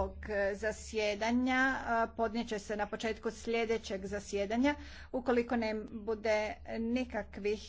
ovog e, zasjedanja e, podnijet će se na početku sljedećeg zasjedanja ukoliko ne bude nikakvih